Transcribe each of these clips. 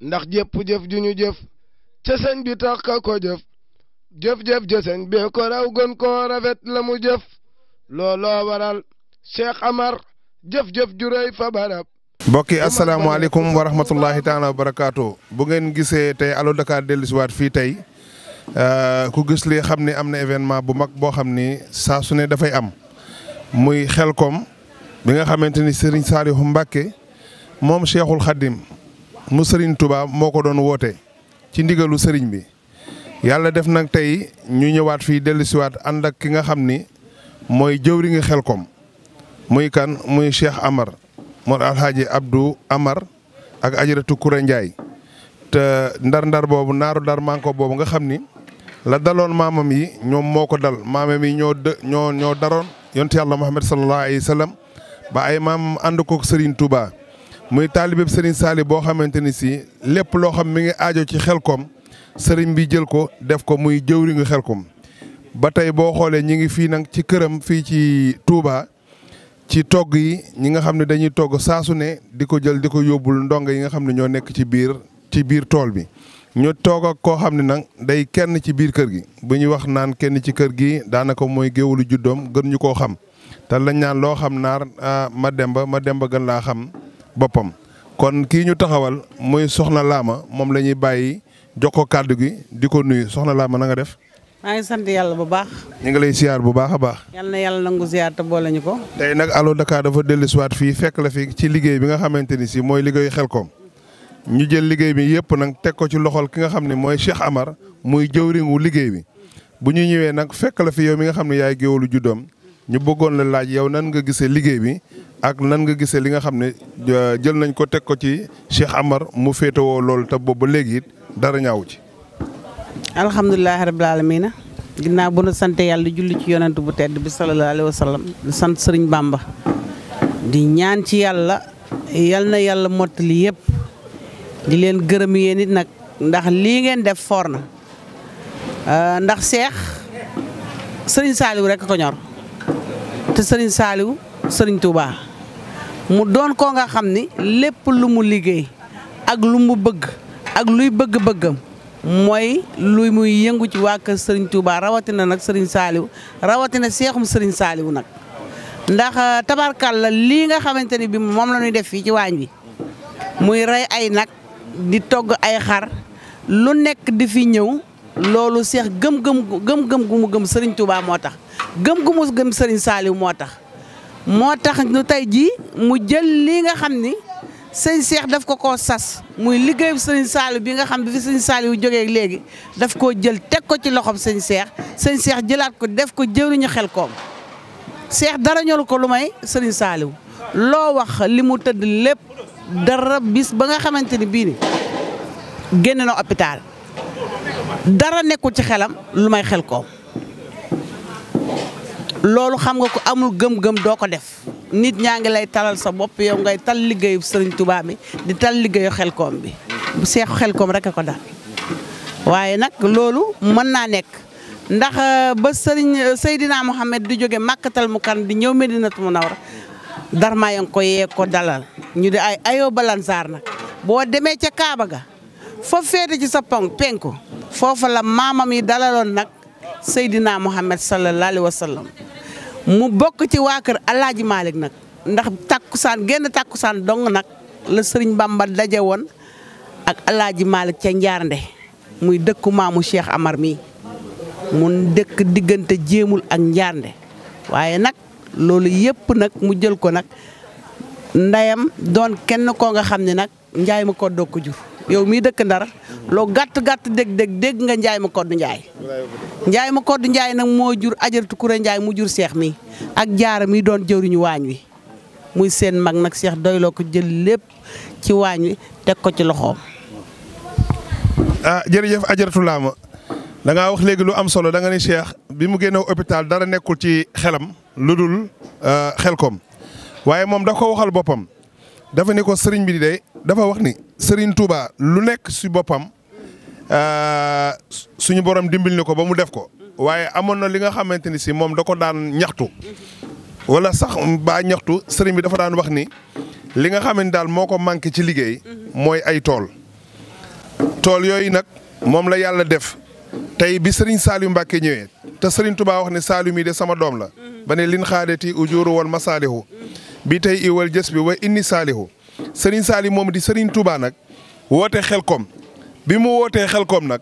ndax jëpp jëf ju ñu jëf ca bi tax ka ko jëf jëf-jëf ja bee ko raw gën koo rafet la mu jëf looloo waral Cheikh Amar jëf-jëf ju rëy fa barab mbokk yi asalaamaaleykum wa rahmatullahi taala wa barakaatu bu ngeen gisee tey Allo Dakar dellusiwaat fii tey euh, ku gis li xam ni am na événement bu mag boo xam ni saa su ne dafay am muy xel xelkom bi nga xamante ni Serigne Saliou Mbacké moom Cheikhul Khadim mu sëriñ Touba moo ko doon woote ci ndigalu sëriñ bi yàlla def nag tey ñu ñëwaat fii dellusiwaat ànd ak ki nga xam ni mooy jëwri ngi xelkom muy kan muy Cheikh Amar Mor Alhaji Abdou Amar ak ajaratu Koura Ndiaye te ndar-ndar boobu naaru ndar manko boobu nga xam ni la daloon maamam yi ñoom moo ko dal maamam yi ñoo dë ñoo daroon yontu yàlla Muhammad sallallahu alayhi wa sallam ba ay maam ànd kook Serigne Touba muy taalibeb Serigne saali boo xamante ni si lépp loo xam mi ngi aajo ci xel koom sëriñ bi jël ko def ko muy xel xelkom ba tey boo xoolee ñi ngi fii nag ci këram fii ci Touba ci togg yi ñi nga xam ne dañuy togg saasu ne di ko jël di ko yóbbul ndongo yi nga xam ne ñoo nekk ci biir ci biir tool bi ñu toog ak koo xam ne nag day kenn ci biir kër gi bu ñuy wax naan kenn ci kër gi daanaka mooy géwélu juddoom gën ñu koo xam te lañ naan loo xam naar ah, ma demba ma demba gën laa xam boppam kon kii ñu taxawal muy soxna Lama moom la ñuy bàyyi jox ko kàddu gi di ko nuyu soxna Lama na nga def. maa ngi sant yàlla bu baax. ñu ngi lay ziar bu baax a baax. yal na yàlla nangu ziar te boole ñu ko. tey nag Allo Dakar dafa dellusiwaat fii fekk la fi ci liggéey bi nga xamante ni si mooy liggéeyu Xelcom ñu jël liggéey bi yëpp nag teg ko ci loxol ki nga xam ne mooy Cheikh Amar muy jëwriñu liggéey bi bu ñu ñëwee nag fekk la fi yow mi nga xam ne yaay géwalu juddoom ñu bëggoon la laaj yow nan nga gisee liggéey bi ak nan nga gisee li nga xam ne euh, jël nañ ko teg ko ci Cheikh Amar mu féetewoo loolu te boobu ba léegi it dara ñaawu ci. alhamdulilah rabil aalamiina ginnaaw bu nu sante yàlla julli ci yonent bu tedd bi sallallahu Alaihi Wasallam, di sant sëriñ Bamba di ñaan ci yàlla yal na yàlla mottali di leen gërëm yéen it nag ndax lii ngeen def foor na euh, ndax Cheikh sëriñ Saliou rek ko ñor. te sëriñ Saaliw sëriñ Touba mu doon koo nga xam ni lépp lu mu liggéey ak lu mu bëgg ak luy bëgg-bëggam mooy luy muy yëngu ci waa kër sëriñ Touba rawatina nag sëriñ Saaliw rawatina seexum sëriñ Saaliw nag ndax euh, tabarkalla lii nga xamante ni bi moom la ñuy def fii ci waañ bi muy rey ay nag di togg ay xar lu nekk di fi ñëw loolu seex gëm-gëm gëm-gëm sëriñ Touba moo tax gëm gu mu gëm Serigne Saliou moo tax moo tax nu tey jii mu jël lii nga xam ni sëñ Cheikh daf ko koo sas muy liggéeyu sëñ Saliou bi nga xam bi fi sëñ Saliou jógee léegi daf koo jël teg ko ci loxoom sëñ Cheikh sëñ Cheikh jëlaat ko def ko jëriñu xel koom Cheikh dara ñolu ko lu may sëñ saaliw loo wax li mu tëdd lépp dara bis ba nga xamante ni bii ni génn na hôpital dara nekkul ci xelam lu may xel koom loolu xam nga ko amul gëm-gëm doo ko def nit ñaa ngi lay talal sa bopp yow ngay tal liggéeyu sëriñ tubaab bi di tal liggéeyu koom bi bu seexu xelkoom rek a ko daal waaye nag loolu mën naa nekk ndax euh, ba sëriñ euh, Seydina Mohamed di jóge màkkatal mu kan di ñëw Medinatu Munawwara darma ya ngi ko yee ko dalal ñu di ay ayoo balansaar nag boo demee ca Kaaba ga foo féete ci sa ponk penku foofa la maamam yi dalaloon nag Seydina Mohamed sallallahu alayhi wa sallam mu bokk ci waa kër Alaaji Malick nag ndax tàkkusaan genn tàkkusaan dong nag la sëriñ Bamba daje woon ak Alaaji Malick ca Njaarnde muy dëkku maamu Cheikh Amar mi mu dëkk diggante jéemul ak Njaarnde waaye nag loolu yëpp nag mu jël ko nag ndeyam doon kenn ko nga xam ne nag njaay ma ko doo ko yow mii dëkk ndar loo gàtt gàtt dégg dégg dégg nga njaay ma kodd njaay njaay ma kodd njaay nag moo jur ajaratu kuré njaay mu jur seex mi ak jaara mi doon jëwriñu waañ wi muy seen mag nag seex doyloo ko jël lépp ci waañ wi teg ko ci loxoom ah jërëjëf ajartu laama danga wax léegi lu am solo da nga ni seex bi mu génne hôpital dara nekkul ci xelam lu dul ah, xel koom waaye moom da ko waxal boppam dafa ni ko sëriñ bi di day dafa wax ni Serigne Touba lu nekk si boppam euh, suñu borom dimbil ni ko ba mu def ko waaye amoon na li nga xamante ni si moom da ko daan ñaxtu wala sax ba ñaxtu sëriñ bi dafa daan wax ni li nga xam ne daal moo ko manqué ci liggéey mooy ay tool tool yooyu nag moom la yàlla def tey bi sëriñ Saliou Mbacke ñëwee te sëriñ Touba wax ne Saliou mii de sama doom la ba ne lin xaadati ujuuru wal masaalihu bi tey iwal jës bi wa inni saalihu Serigne Saliou moom di Serigne Touba nag woote koom bi mu wootee xel koom nag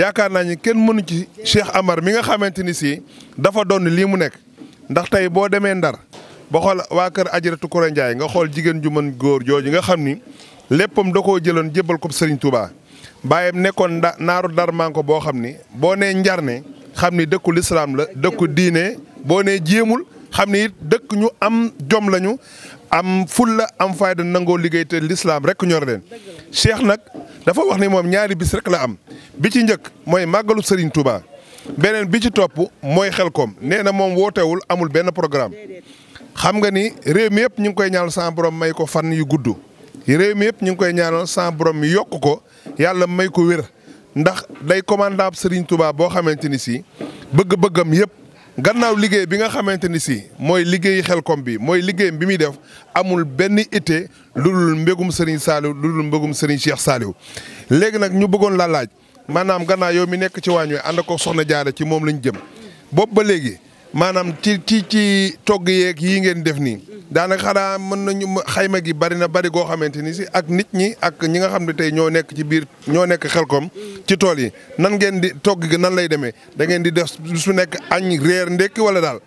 yaakaar naa ni kenn mënu ci Cheikh Amar mi nga xamante ni si dafa doon lii mu nekk ndax tey boo demee Ndar ba xool waa kër Ajaratu Koura Ndiaye nga xool jigéen ju mën góor jooju nga xam ni léppam da koo jëloon jébbal ko Serigne Touba bàyyam nekkoon da naaru dar mànko boo xam ni boo nee njarne xam ni dëkku lislaam la dëkku diine boo nee jéemul xam ni dëkk ñu am jom lañu am fulla am fayda nangoo liggéey te lislaam rek ñor leen cheikh nag dafa wax ni moom ñaari bis rekk la am bi ci njëkk mooy màggalu Serigne Touba beneen bi ci topp mooy Xelkom nee na moom wootewul amul benn programme xam nga ni réew mi yëpp ñu ngi koy ñaanal sans borom may ko fan yu gudd réew mi yëpp ñu ngi koy ñaanal sans borom mi yokk ko yàlla may ko wér ndax day commandable Serigne Touba boo xamante ni si bëgg-bëggam yëpp gannaaw liggéey bi nga xamante ni si mooy liggéeyi xel xelkom bi mooy liggéey bi muy def amul benn ittee lu dul mbégum Serigne Saliou lu dul mbégum Serigne Cheikh Saliou léegi nag ñu bëggoon la laaj maanaam gannaaw yow mi nekk ci waañ wi ànd ko soxna jaare ci moom lañ jëm boobu ba léegi manam ci ci ci togg yeeg yi ngeen def nii daanaka xara mën nañu xayma gi bari na bari go xamanteni ci si ak nit ñi ak ñi nga xam tay ñoo nekk ci biir ñoo nekk xelkom ci tool yi nan ngeen di togg gi nan lay deme da ngeen di def su nekk agni reer ndekki wala dal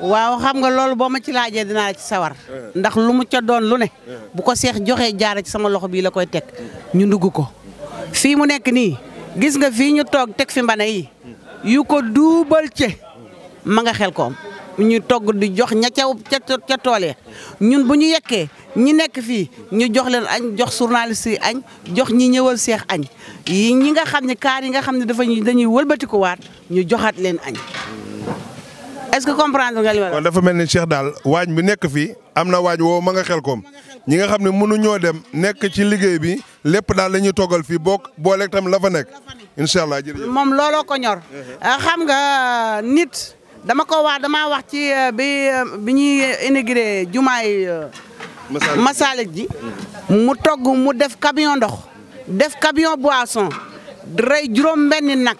waaw xam nga loolu boo ma ci laaje dina ci sawar. ndax lu mu ca doon lu ne. bu ko seex joxe jaar ci sama loxo bi la koy tek ñu ndugg ko fi mu nekk ni gis nga fi ñu toog tek fi mbane yi yu ko duubal ci ma nga xel koom ñu togg di jox ña ca ca tool ya ñun bu ñu yekkee ñu nekk fii ñu jox leen añ jox journaliste yi añ jox ñi ñëwal seex añ yi ñi nga xam ne kaar yi nga xam ne dafa ñu dañuy wëlbatikuwaat ñu joxat leen añ est-ce que comprendre nga li ma dafa mel ni Cheikh daal waañ bi nekk fii am na waañ woo ma nga xel koom ñi nga xam ne mënuñoo dem nekk ci liggéey bi lépp daal lañu ñuy toggal fii boo booleeg tam la fa nekk incha allah jërëjëf moom looloo ko ñor ah, xam nga nit dama ko wa dama wax ci eh, bi eh, biñi ñuy inauguré jumaay eh, Masalik ji mu togg mu def camion ndox def camion boisson ray juróom benni nak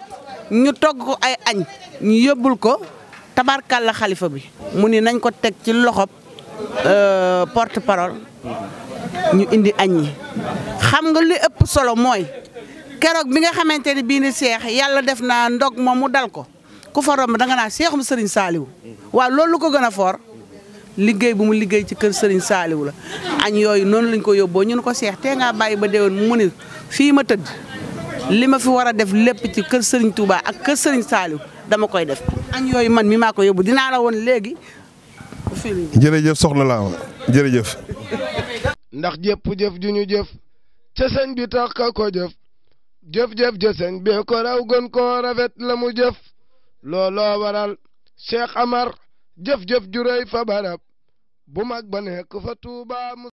ñu togg ko ay añ ñu yebul ko tabarkàlla khalifa bi mu ni nañ ko tek ci euh porte parole ñu indi añ xam nga li ëpp solo moy kérok bi nga xamanteni bi ni seex yalla def na ndog mo mu dal ko ku fa danga naa seexum Serigne Saliou waaw loolu lu ko gën a foor liggéey bu mu liggéey ci kër sëriñ saaliw la. añ yooyu noonu lañ ko yóbboo ñun ko seex tee ngaa bàyyi ba déwén mu ne fii ma tëdd li ma fi war a def lépp ci kër sëriñ Touba ak kër Serigne Saliou dama koy def. añ yooyu man mi maa ko yóbbu dinaa la woon léegi. jërëjëf soxna laa ma jërëjëf. ndax jëpp jëf jëf ca bi tax ko jëf jëf-jëf ja ko raw gën koo rafet la mu jëf lolo waral Cheikh Amar jëf-jëf jurey fa barab bu mag banek fa touba